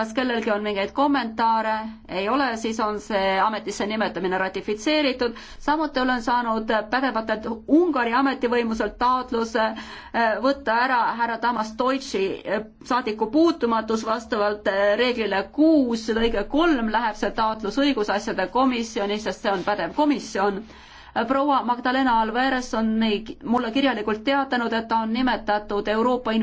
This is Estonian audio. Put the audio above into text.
kas kellelgi on mingeid kommentaare? ei ole, siis on see ametisse nimetamine ratifitseeritud. samuti olen saanud pädevatelt Ungari ametivõimuselt taotluse eh, võtta ära härra Tamas Deutschi eh, saadiku puutumatus vastavalt eh, reeglile kuus lõige kolm läheb see taotlus õigusasjade komisjoni, sest see on pädev komisjon proua Magdalena Alvarez on meid, mulle kirjalikult teatanud, et ta on nimetatud Euroopa